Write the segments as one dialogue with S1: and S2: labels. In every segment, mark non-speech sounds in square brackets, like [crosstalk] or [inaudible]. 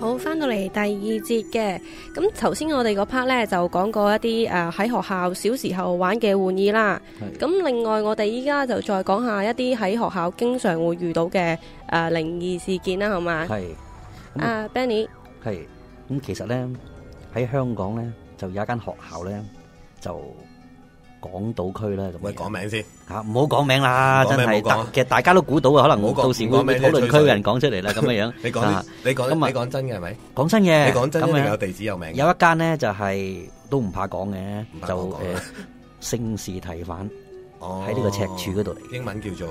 S1: 好，翻到嚟第二節嘅。咁頭先我哋嗰 part 咧就講過一啲誒喺學校小時候玩嘅玩意啦。咁另外我哋依家就再講下一啲喺學校經常會遇到嘅誒靈異事件啦，好嘛？係啊，Benny。
S2: 係咁，其實咧喺香港咧就有一間學校咧就。港島區啦，咁。喂，講名先吓，唔好講名啦，真係得。其實大家都估到嘅，可能我到時我討論區嘅人講出嚟啦，咁樣樣。你講，
S3: 你講，你講真嘅係咪？講真嘅，你講真嘅有地址有名。有
S2: 一間咧就係都唔怕講嘅，就聖士提反，喺呢個赤柱嗰度嚟，英文叫做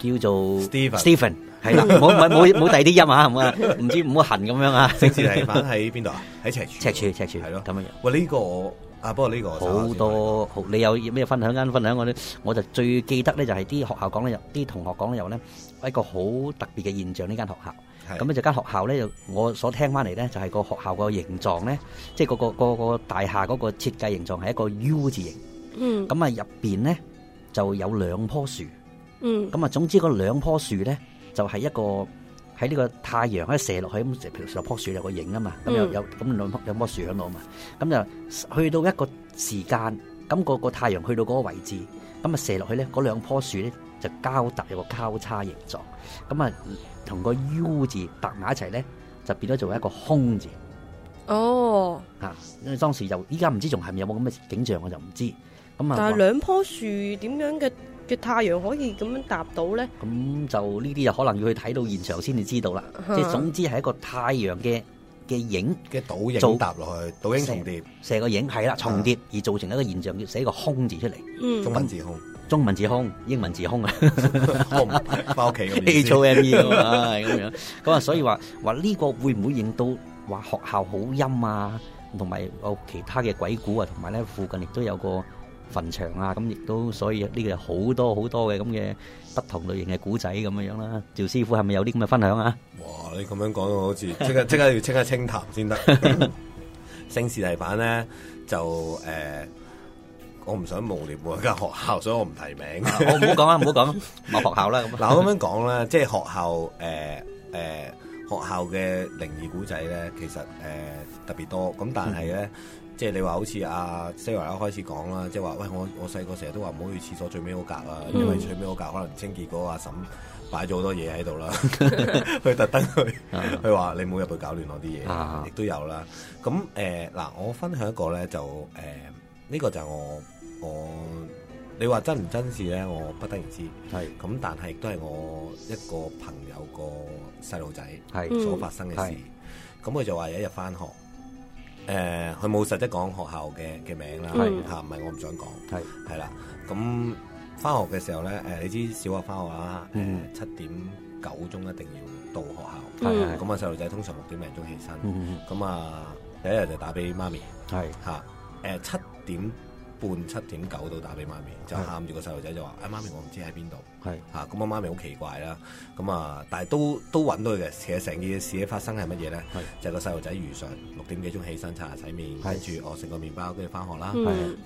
S2: 誒叫做 Stephen Stephen，係啦，冇冇冇冇第啲音吓，唔啊，唔知唔好痕咁樣啊。聖士提反喺邊度啊？喺赤柱，赤柱，赤柱係咯，咁樣樣。
S3: 喂，呢個。啊！不過呢
S2: 個好多，好，你有咩分享？間分享我咧，我就最記得咧，就係啲學校講咧有啲同學講咧又咧，一個好特別嘅現象呢間學校。咁咧就間學校咧，就我所聽翻嚟咧，就係個學校個形狀咧，即係嗰個個大廈嗰個設計形狀係一個 U 字形。嗯。咁啊，入邊咧就有兩棵樹。嗯。咁啊，總之嗰兩棵樹咧，就係一個。喺呢個太陽咧射落去，咁射落樖樹有個影啊嘛，咁又、嗯、有咁兩樖兩樖樹喺度啊嘛，咁就去到一個時間，咁、嗰個個太陽去到嗰個位置，咁啊射落去咧，嗰兩樖樹咧就交搭有個交叉形狀，咁啊同個 U 字疊埋一齊咧，就變咗做一個空字。
S1: 哦，
S2: 吓，因為當時又依家唔知仲係咪有冇咁嘅景象，我就唔知。咁啊，但係兩
S1: 樖樹點樣嘅？嘅太陽可以咁樣搭到咧？
S2: 咁就呢啲就可能要去睇到現場先至知道啦。即係總之係一個太陽嘅嘅影嘅倒影做搭落去，倒影重疊，成個影係啦，重疊而造成一個現象，要寫個空字出嚟。中文字空，中文字空，英文字空啊！翻屋企 H O M E 啊，咁樣咁啊，所以話話呢個會唔會影到話學校好陰啊？同埋有其他嘅鬼故啊，同埋咧附近亦都有個墳場啊，咁亦都所以呢個好多好多嘅咁嘅不同類型嘅古仔咁樣樣啦。趙師傅係咪有啲咁嘅分享啊？
S3: 哇！你咁樣講好似即刻即刻要清一清談，先得。聖士提反咧就誒、呃，我唔想冒劣喎，家學校，所以我唔提名。我唔好講啊，唔好講，冇學校啦。嗱，我咁樣講啦，即係學校誒誒，學校嘅靈異古仔咧，其實誒、呃、特別多。咁但係咧。 [laughs] 即係你話好似阿 Sir 啊、Sarah、開始講啦，即係話喂，我我細個成日都話唔好去廁所最尾嗰格啦，嗯、因為最尾嗰格可能清潔嘅阿嬸擺咗好多嘢喺度啦，佢特登去佢話、啊、你唔好入去搞亂我啲嘢，亦、啊啊、都有啦。咁誒嗱，我分享一個咧就誒呢、呃，這個就我我你話真唔真事咧，我不得而知。係咁，嗯、但係亦都係我一個朋友個細路仔係所發生嘅事。咁佢、嗯、就話有一日翻學。誒，佢冇、呃、實質講學校嘅嘅名啦，嚇的，唔係、啊、我唔想講，係係啦。咁返學嘅時候咧，誒、呃，你知小學返學啦，誒、嗯，七點九鐘一定要到學校，係啊的。咁啊、嗯，細路仔通常六點零鐘起身，咁啊、嗯嗯，第一日就打俾媽咪，係嚇的，誒、啊，七、呃、點。半七點九度打俾媽咪，就喊住個細路仔就話：哎媽咪，我唔知喺邊度？係嚇，咁阿媽咪好奇怪啦。咁啊，但係都都揾到佢嘅。其實成件事嘅發生係乜嘢咧？就係個細路仔如常六點幾鐘起身刷牙洗面，跟住我食個麵包，跟住翻學啦。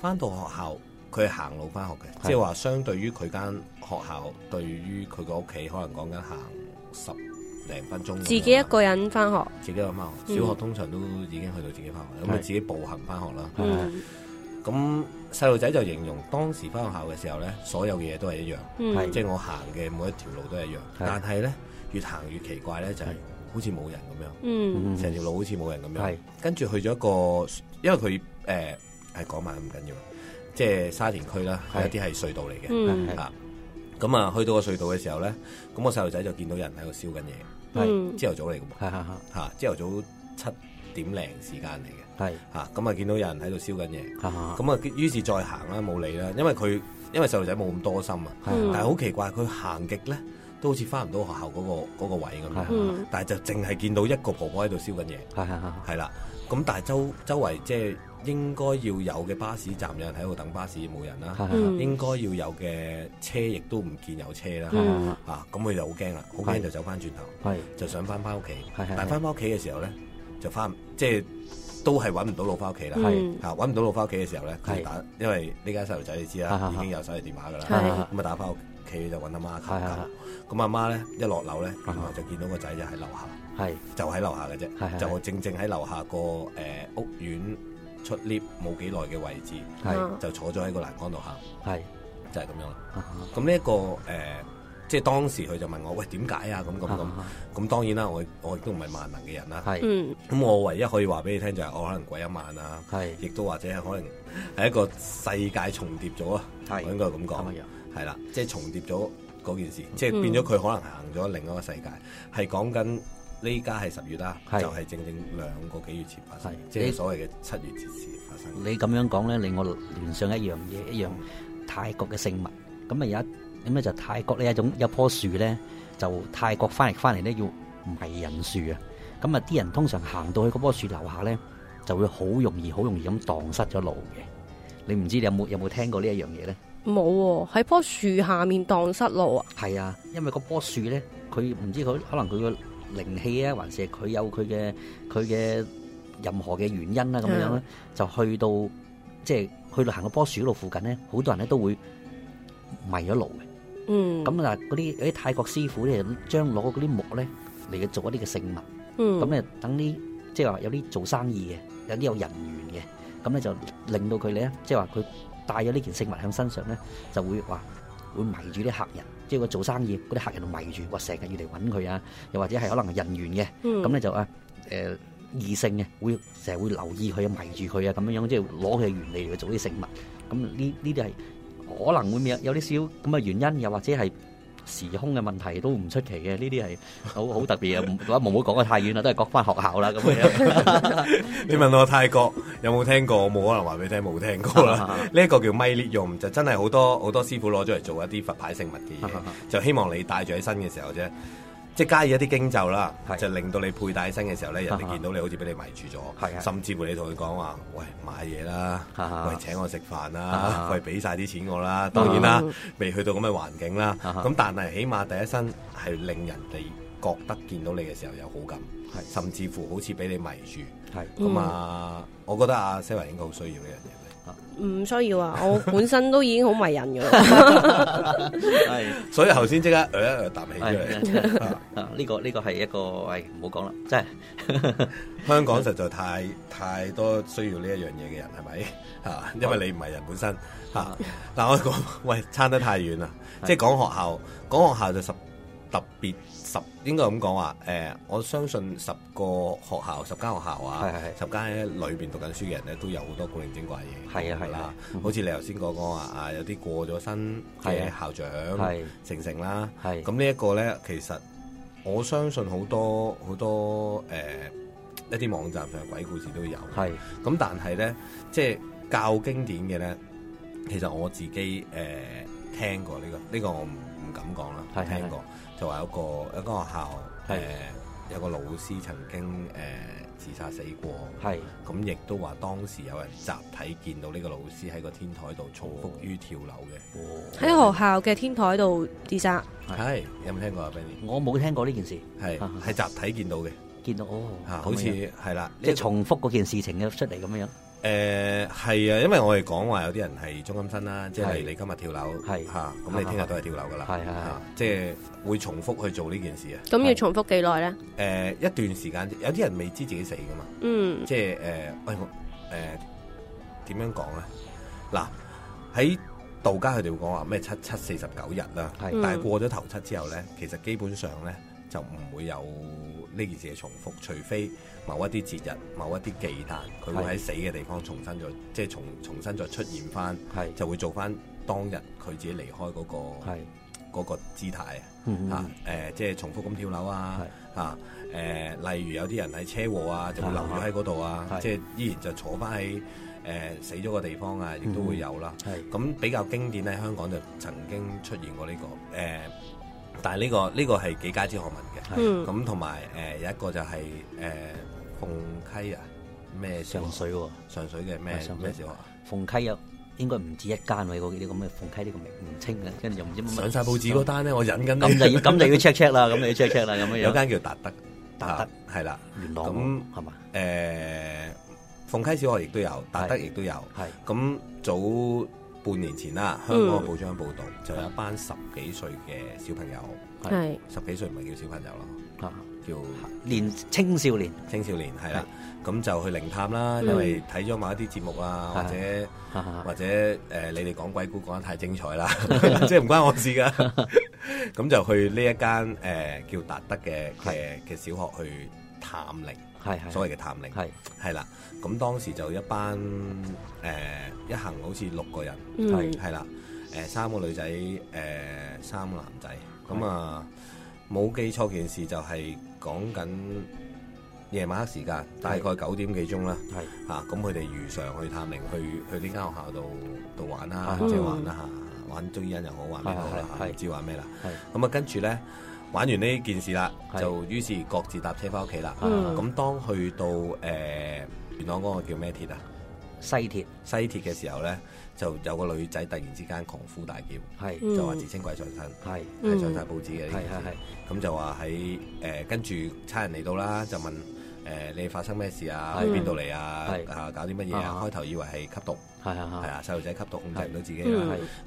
S3: 翻到學校，佢係行路翻學嘅，即係話相對於佢間學校，對於佢個屋企，可能講緊行十零分鐘。自己一
S1: 個人翻學，
S3: 自己一個人翻學。小學通常都已經去到自己翻學，咁佢自己步行翻學啦。咁細路仔就形容當時翻學校嘅時候咧，所有嘅嘢都係一樣，即係我行嘅每一條路都係一樣。但係咧越行越奇怪咧，就係好似冇人咁樣，成條路好似冇人咁樣。跟住去咗一個，因為佢誒係講埋咁緊要，即係沙田區啦，有啲係隧道嚟嘅啊。咁啊，去到個隧道嘅時候咧，咁我細路仔就見到人喺度燒緊嘢，
S1: 係朝
S3: 頭早嚟嘅嘛，嚇朝頭早七點零時間嚟嘅，係吓咁啊！見到有人喺度燒緊嘢，咁啊，於是再行啦，冇理啦。因為佢因為細路仔冇咁多心啊，但係好奇怪，佢行極咧都好似翻唔到學校嗰個個位咁樣！但係就淨係見到一個婆婆喺度燒緊嘢，係係啦。咁但係周周圍即係應該要有嘅巴士站有人喺度等巴士冇人啦，應該要有嘅車亦都唔見有車啦，啊！咁佢就好驚啦，好驚就走翻轉頭，就想翻翻屋企，但係翻翻屋企嘅時候咧。就翻，即係都係揾唔到路翻屋企啦。係嚇，揾唔到路翻屋企嘅時候咧，係打，因為呢家細路仔你知啦，已經有手提電話噶啦。咁啊，打翻屋企就揾阿媽求救。咁阿媽咧一落樓咧，原來就見到個仔就喺樓下，就喺樓下嘅啫，就正正喺樓下個誒屋苑出 lift 冇幾耐嘅位置，就坐咗喺個欄杆度嚇，就係咁樣。咁呢一個誒。即係當時佢就問我，喂，點解啊？咁咁咁咁。當然啦，我我亦都唔係萬能嘅人啦。係，咁我唯一可以話俾你聽就係我可能鬼揞眼啊，係，亦都或者係可能係一個世界重疊咗啊，應該咁講，係啦，即係重疊咗嗰件事，即係變咗佢可能行咗另一個世界，係講緊呢家係十月啦，就係正正兩個幾月前發生，即係所謂嘅七月之時發生。你咁
S2: 樣講咧，令我聯上一樣嘢，一樣泰國嘅聖物，咁啊而家。咁咧就泰國呢，一種有棵樹咧，就泰國翻嚟翻嚟咧叫迷人樹啊！咁啊啲人通常行到去嗰棵樹樓下咧，就會好容易好容易咁蕩失咗路嘅。你唔知你有冇有冇聽過呢一樣嘢咧？
S1: 冇喺、啊、棵樹下面蕩失路啊。
S2: 係啊，因為嗰棵樹咧，佢唔知佢可能佢嘅靈氣啊，還是係佢有佢嘅佢嘅任何嘅原因啦、啊，咁、嗯、樣咧就去到即係、就是、去到行個棵樹嗰度附近咧，好多人咧都會迷咗路嘅。嗯，咁嗱，嗰啲有啲泰國師傅咧，將攞嗰啲木咧嚟做一啲嘅聖物，咁咧、嗯、等啲即係話有啲做生意嘅，有啲有人緣嘅，咁咧就令到佢咧，即係話佢帶咗呢件聖物喺身上咧，就會話會迷住啲客人，即係佢做生意嗰啲客人迷住，話成日要嚟揾佢啊，又或者係可能係人緣嘅，咁咧、嗯、就啊誒異性嘅會成日會留意佢啊，迷住佢啊，咁樣樣即係攞佢嘅原理嚟去做啲聖物，咁呢呢啲係。可能會有啲少咁嘅原因，又或者係時空嘅問題，都唔出奇嘅。呢啲係好好特別嘅。唔， [laughs] 我唔好講得太遠啦，都係各翻學校
S3: 啦咁樣。 [laughs] [laughs] 你問我泰國有冇聽過？我冇可能話俾你聽冇聽過啦。呢一 [laughs] 個叫米裂用，就真係好多好多師傅攞咗嚟做一啲佛牌聖物嘅嘢 [laughs] [laughs] 就希望你帶咗喺身嘅時候啫。即係加以一啲經咒啦，是就令到你佩戴身嘅時候咧，人哋見到你好似俾你迷住咗，是是甚至乎你同佢講話：喂，買嘢啦，是是喂，請我食飯啦，是是是喂，俾晒啲錢我啦。當然啦，是是未去到咁嘅環境啦。咁是但係起碼第一身係令人哋覺得見到你嘅時候有好感，是甚至乎好似俾你迷住。係咁是啊，嗯、我覺得阿西雲應該好需要呢樣嘢。
S1: 唔需要啊！我本身都已經好迷人噶啦，係
S3: 所以頭先即刻誒誒，答起咗
S2: 嚟，呢
S3: 個呢個係一個，喂，唔好講啦，即係真係香港實在太太多需要呢一樣嘢嘅人，係咪啊？因為你唔係人本身吓，嗱，我講喂，差得太遠啦，即係講學校，講學校就十特別。十應該咁講話，誒、呃，我相信十個學校、十間學校啊，係係係十間裏邊讀緊書嘅人咧，都有好多古靈精怪嘢。係啊，係啦，好似你頭先講講話啊，有啲過咗身嘅校長，係係成成啦，咁係係呢一個咧，其實我相信好多好多誒、呃、一啲網站上嘅鬼故事都有。係，咁但係咧，即係較經典嘅咧，其實我自己誒聽過呢個，呢個我唔唔敢講啦，聽過、這個。這個就係一個一個學校誒、呃，有一個老師曾經誒、呃、自殺死過，係咁亦都話當時有人集體見到呢個老師喺個天台度重複於跳樓嘅，喺、哦哦、
S1: 學校嘅天台度自殺，
S3: 係有冇聽過啊？Benny，我冇聽過呢件事，係係集體見到嘅，見到哦，好似係啦，即係、哦、重
S2: 複嗰件事情嘅出嚟咁樣。
S3: 誒係啊，因為我哋講話有啲人係中陰身啦，即係你今日跳樓嚇，咁你聽日都係跳樓噶啦，嚇，即係會重複去做呢件事啊。
S1: 咁要重複幾耐咧？
S3: 誒一段時間，有啲人未知自己死噶嘛。嗯。即係誒，喂我誒點樣講咧？嗱，喺道家佢哋會講話咩七七四十九日啦，但係過咗頭七之後咧，其實基本上咧就唔會有呢件事嘅重複，除非，某一啲節日，某一啲忌誕，佢會喺死嘅地方重新再，即係重重新再出現翻，就會做翻當日佢自己離開嗰個嗰個姿態啊嚇誒，即係重複咁跳樓啊嚇誒，例如有啲人喺車禍啊，就會留住喺嗰度啊，即係依然就坐翻喺誒死咗嘅地方啊，亦都會有啦。咁比較經典咧，香港就曾經出現過呢個誒，但係呢個呢個係幾街知巷聞嘅，咁同埋誒有一個就係誒。鳳溪啊？咩上水？上水嘅咩咩小學？鳳溪有
S2: 應該唔止一間喂，嗰啲咁嘅鳳溪呢個名唔清嘅，跟住又唔知。上晒報紙嗰單咧，我忍緊。咁就要咁就要 check check 啦，咁要 check check 啦，咁樣。有間叫達
S3: 德，達德係啦，元朗咁係嘛？誒，鳳溪小學亦都有，達德亦都有，係。咁早半年前啦，香港嘅報章報道，就有一班十幾歲嘅小朋友，係十幾歲唔係叫小朋友咯，吓。叫年青少年，青少年係啦，咁就去靈探啦，因為睇咗某一啲節目啊，或者或者誒，你哋講鬼故講得太精彩啦，即係唔關我事噶，咁就去呢一間誒叫達德嘅嘅嘅小學去探靈，係所謂嘅探靈，係係啦，咁當時就一班誒一行好似六個人，係係啦，誒三個女仔，誒三個男仔，咁啊。冇記錯件事就係講緊夜晚黑時間，的大概九點幾鐘啦。係的啊，咁佢哋如常去探靈去去呢間學校度度玩啦，即係玩啦嚇，玩中意人又好，玩咩好啦，唔的、啊、知玩咩啦。咁的啊，跟住咧玩完呢件事啦，的就於是各自搭車翻屋企啦。咁的、啊、當去到誒元朗嗰個叫咩鐵啊？西鐵西鐵嘅時候咧。就有個女仔突然之間狂呼大叫，係是就話自稱鬼上身，係係是上晒報紙嘅，係係係，咁、啊啊、就話喺誒跟住差人嚟到啦，就問誒、呃、你發生咩事啊？喺邊度嚟啊？啊搞啲乜嘢啊？開頭以為係吸毒。係啊係，細路仔吸毒控制唔到自己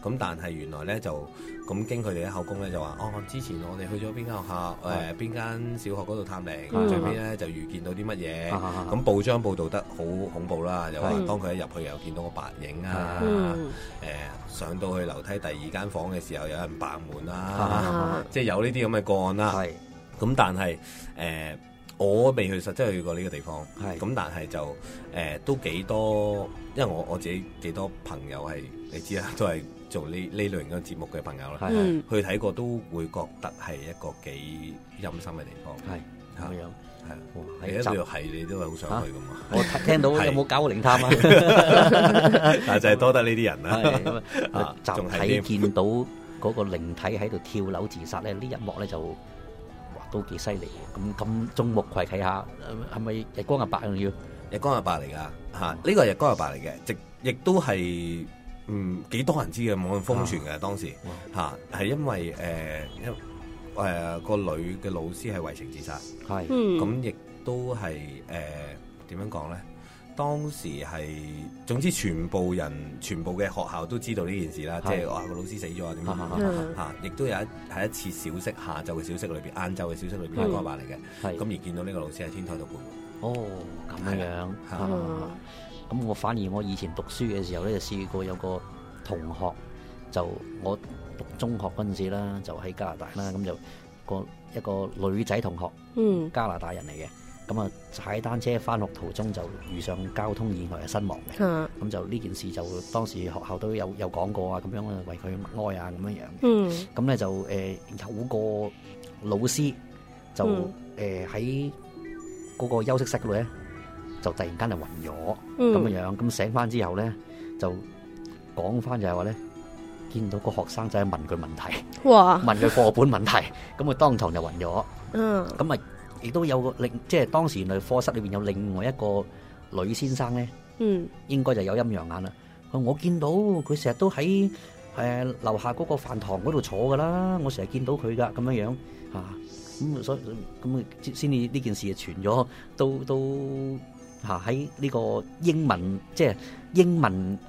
S3: 咁，但係原來呢，就咁，經佢哋嘅口供呢，就話：哦，之前我哋去咗邊間學校誒邊間小學嗰度探靈，最尾呢就遇見到啲乜嘢。咁報章報導得好恐怖啦，又話當佢一入去又見到個白影啊。誒上到去樓梯第二間房嘅時候，有人掟門啦。即係有呢啲咁嘅個案啦。咁但係誒，我未去實質去過呢個地方。咁但係就誒都幾多。因為我我自己幾多朋友係你知呀，都係做呢呢類型嘅節目嘅朋友啦，去睇過都會覺得係一個幾陰森嘅地方。係咁樣，係。每一個係你都係好想去㗎嘛？我聽到有冇搞過靈探啊？就係多得呢啲人啦。集體見
S2: 到嗰個靈體喺度跳樓自殺咧，呢一幕咧就哇都幾犀利。咁咁眾目睽睽下，係咪
S3: 日光日白仲要？日光日白嚟噶嚇，呢個係日光日白嚟嘅，亦亦都係嗯幾多人知嘅，冇咁瘋傳嘅當時嚇，係因為誒一誒個女嘅老師係為情自殺，係咁亦都係誒點樣講咧？當時係總之全部人、全部嘅學校都知道呢件事啦，即係話個老師死咗點樣嚇，亦都有一係一次小息，下晝嘅小息裏邊，晏晝嘅小息裏邊日光日白嚟嘅，咁而見到呢個老師喺天台度徘徊。哦，咁樣樣咁、啊啊、我反而我以前讀書嘅時候呢，就試過
S2: 有個同學，就我讀中學嗰陣時啦，就喺加拿大啦，咁就個一個女仔同學，嗯，加拿大人嚟嘅，咁啊踩單車返學途中就遇上交通意外啊，身亡嘅，咁、嗯、就呢件事就當時學校都有有講過啊，咁樣為啊為佢默哀啊咁樣樣，
S1: 嗯，
S2: 咁咧就誒、呃、有個老師就誒喺，嗯呃嗰個休息室度位咧，就突然間就暈咗，咁樣、嗯、樣，咁醒翻之後咧，就講翻就係話咧，見到個學生仔問佢問題，
S1: 哇問佢課
S2: 本問題，咁佢 [laughs] 當堂就暈咗，咁啊、嗯，亦都有個另，即係當時原來課室裏邊有另外一個女先生咧，
S1: 嗯、
S2: 應該就有陰陽眼、呃、啦。我見到佢成日都喺誒樓下嗰個飯堂嗰度坐噶啦，我成日見到佢噶，咁樣樣吓。啊咁所以咁啊先至呢呢件事啊傳咗都都吓喺呢個英文即係英文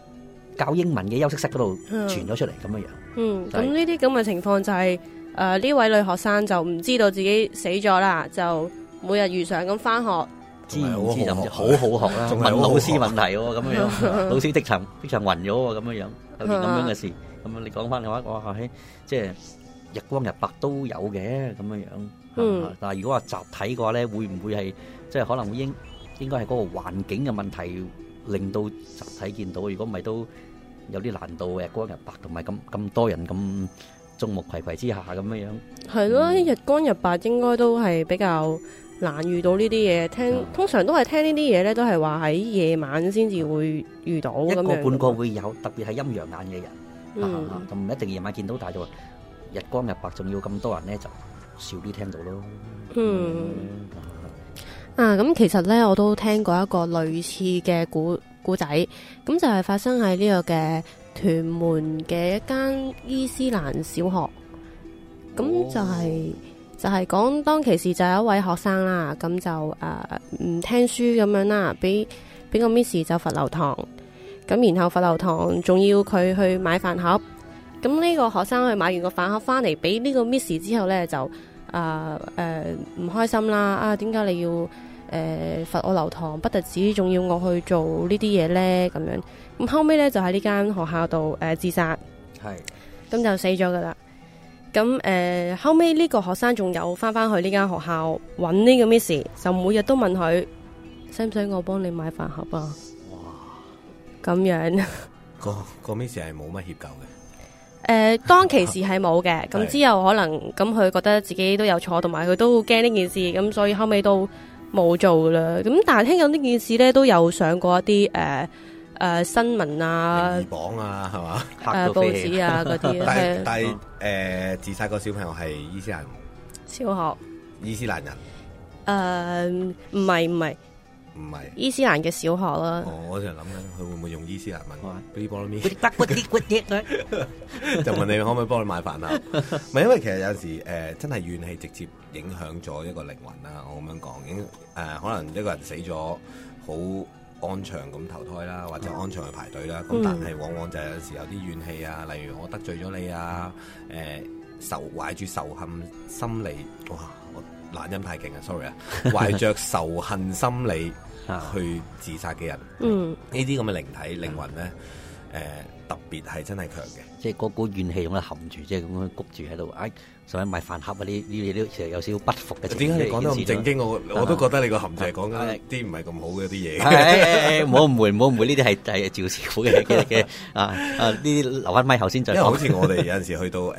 S2: 教英文嘅休息室嗰度傳咗出嚟咁樣樣。
S1: 嗯，咁呢啲咁嘅情況就係誒呢位女學生就唔知道自己死咗啦，就每日如常咁翻學，
S2: 知唔知就好好學啦，仲問老師問題喎，咁樣樣老師即場即場暈咗喎，咁樣樣有啲咁樣嘅事。咁啊，你講翻嘅話，我喺即係日光日白都有嘅咁樣樣。嗯，但係如果話集體嘅話咧，會唔會係即係可能會應應該係嗰個環境嘅問題，令到集體見到？如果唔係都有啲難度，日光日白，同埋咁咁多人咁眾目睽睽之下咁樣樣。
S1: 係咯、嗯，日光日白應該都係比較難遇到呢啲嘢。聽、嗯、通常都係聽呢啲嘢咧，都係話喺夜晚先至會遇到咁、嗯、樣一個半個會
S2: 有，特別係陰陽眼嘅人，嗯啊、就唔一定夜晚見到，但係就話日光日白，仲要咁多人咧就。少啲聽到咯。
S1: 嗯。啊，咁其實呢，我都聽過一個類似嘅故故仔，咁就係發生喺呢個嘅屯門嘅一間伊斯蘭小學。咁就係、是哦、就係講當其時就有一位學生啦，咁就誒唔、呃、聽書咁樣啦，俾俾個 miss 就罰留堂，咁然後罰留堂，仲要佢去買飯盒。咁呢個學生去買完個飯盒翻嚟，俾呢個 miss 之後呢，就。啊，誒，唔開心啦！啊，點解你要誒罰、uh, 我留堂、不特止，仲要我去做呢啲嘢咧？咁樣咁後尾咧就喺呢間學校度誒、uh, 自殺，係咁是就死咗噶啦。咁、啊、誒後尾呢個學生仲有翻翻去呢間學校揾呢個 Miss，就每日都問佢，使唔使我幫你買飯盒啊？哇，咁這樣
S3: [laughs] 個 Miss 係冇乜協調嘅。
S1: 誒、呃，當其時係冇嘅，咁之後可能咁佢覺得自己都有錯，同埋佢都好驚呢件事，咁所以後尾都冇做啦。咁但係聽講呢件事咧，都有上過一啲誒誒新聞啊，榜、呃、
S3: 啊，係嘛、 [laughs] 啊，報紙啊嗰啲。 [laughs] 是但係但係誒，自殺個小朋友係伊斯蘭小學伊斯蘭人。
S1: 誒、呃，唔係唔係。唔係伊斯蘭嘅小學啦，啊哦，
S3: 我成日諗緊佢會唔會用伊斯蘭文化俾啲菠蘿米，
S1: 哇
S3: [laughs] 就問你可唔可以幫你買飯啊？唔係 [laughs] 因為其實有時誒、呃、真係怨氣直接影響咗一個靈魂啦，我咁樣講已經誒，可能一個人死咗好安詳咁投胎啦，或者安詳去排隊啦，咁、嗯、但係往往就有時有啲怨氣啊，例如我得罪咗你啊，誒、呃，仇懷住仇恨心理哇。懶音太勁啊！sorry 啊，懷 [laughs] 着仇恨心理去自殺嘅人，呢啲咁嘅靈體靈魂咧，誒、 [laughs] 呃、特別係真係強嘅，即係嗰股怨氣用嚟含住，即係咁樣焗住喺度。哎做咩買飯
S2: 盒啊？呢呢啲都其實有少少不服嘅。點解你講得咁正經？語言我我都覺得你個含題
S3: 講緊啲唔係咁好嘅啲嘢。唔好誤
S2: 會，唔好誤會，呢啲係係趙師傅嘅嘅啊啊！呢、啊、啲留翻咪後先就是。因為好似我哋有陣時
S3: 去到誒，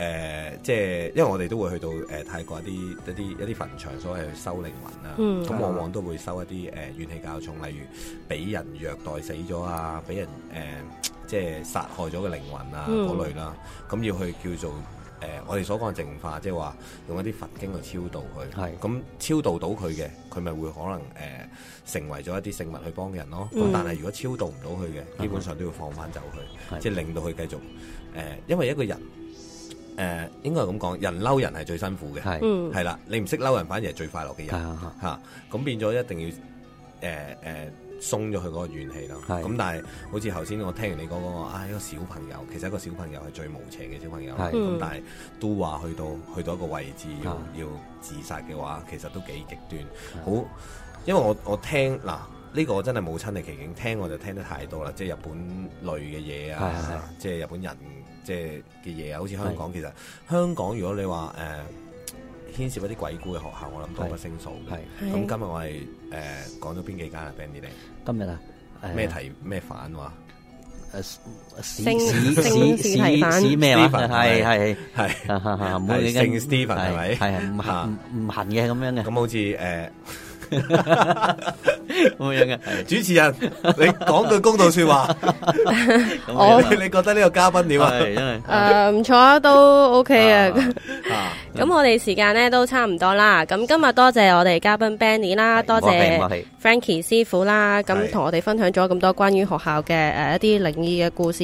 S3: 即係因為我哋都會去到誒、呃、泰國啲一啲一啲墳場，所以去收靈魂啊。咁、mm. 嗯、往往都會收一啲誒怨氣較重，例如俾人虐待死咗啊，俾人誒即係殺害咗嘅靈魂啊嗰類啦。咁、mm. 嗯嗯嗯、要去叫做。誒、呃，我哋所講嘅淨化，即係話用一啲佛經去超度佢。係咁的超度到佢嘅，佢咪會可能誒、呃、成為咗一啲聖物去幫人咯。嗯、但係如果超度唔到佢嘅，基本上都要放翻走佢，即係、嗯、令到佢繼續誒、呃。因為一個人誒、呃、應該係咁講，人嬲人係最辛苦嘅。係係啦，你唔識嬲人，反而係最快樂嘅人嚇。咁變咗一定要誒誒。呃呃鬆咗佢嗰個怨氣咯，咁是但係好似頭先我聽完你講、那、嗰個，啊一個小朋友，其實一個小朋友係最無邪嘅小朋友，咁是、嗯、但係都話去到去到一個位置要、啊、要自殺嘅話，其實都幾極端，好是，因為我我聽嗱呢、這個真係冇親歷其境，聽我就聽得太多啦，即係日本類嘅嘢啊，是是是即係日本人即係嘅嘢啊，好似香港是其實香港如果你話誒、呃、牽涉一啲鬼故嘅學校，我諗多不勝數，咁今日我係誒講咗邊幾間啊 Benny 你？今日啊，咩題咩反話？誒，姓姓姓姓咩話？係係係，哈哈，唔姓 Steven 係咪？係啊，唔行唔行嘅咁樣嘅。咁好似誒。 [laughs] 主持人，你講句公道說話， [laughs] [laughs] 我你覺得呢個嘉賓點啊？真係
S1: 唔錯，都 OK 啊。咁 [laughs] 我哋時間咧都差唔多啦。咁今日多謝我哋嘉賓 Benny 啦是，多謝 Frankie Frankie 師傅啦。咁同我哋分享咗咁多關於學校嘅誒一啲靈異嘅故事。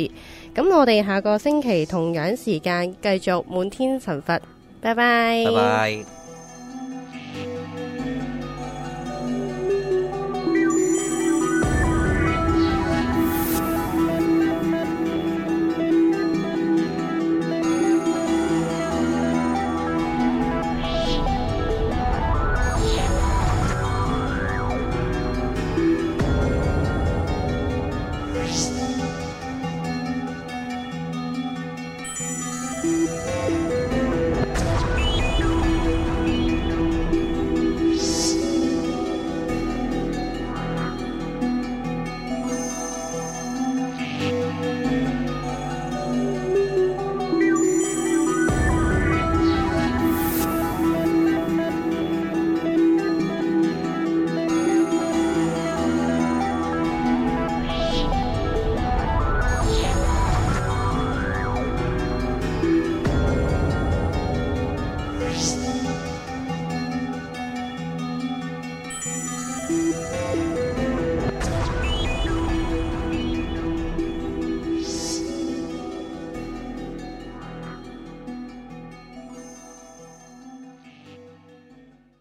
S1: 咁我哋下個星期同樣時間繼續滿天神佛，拜拜。拜拜。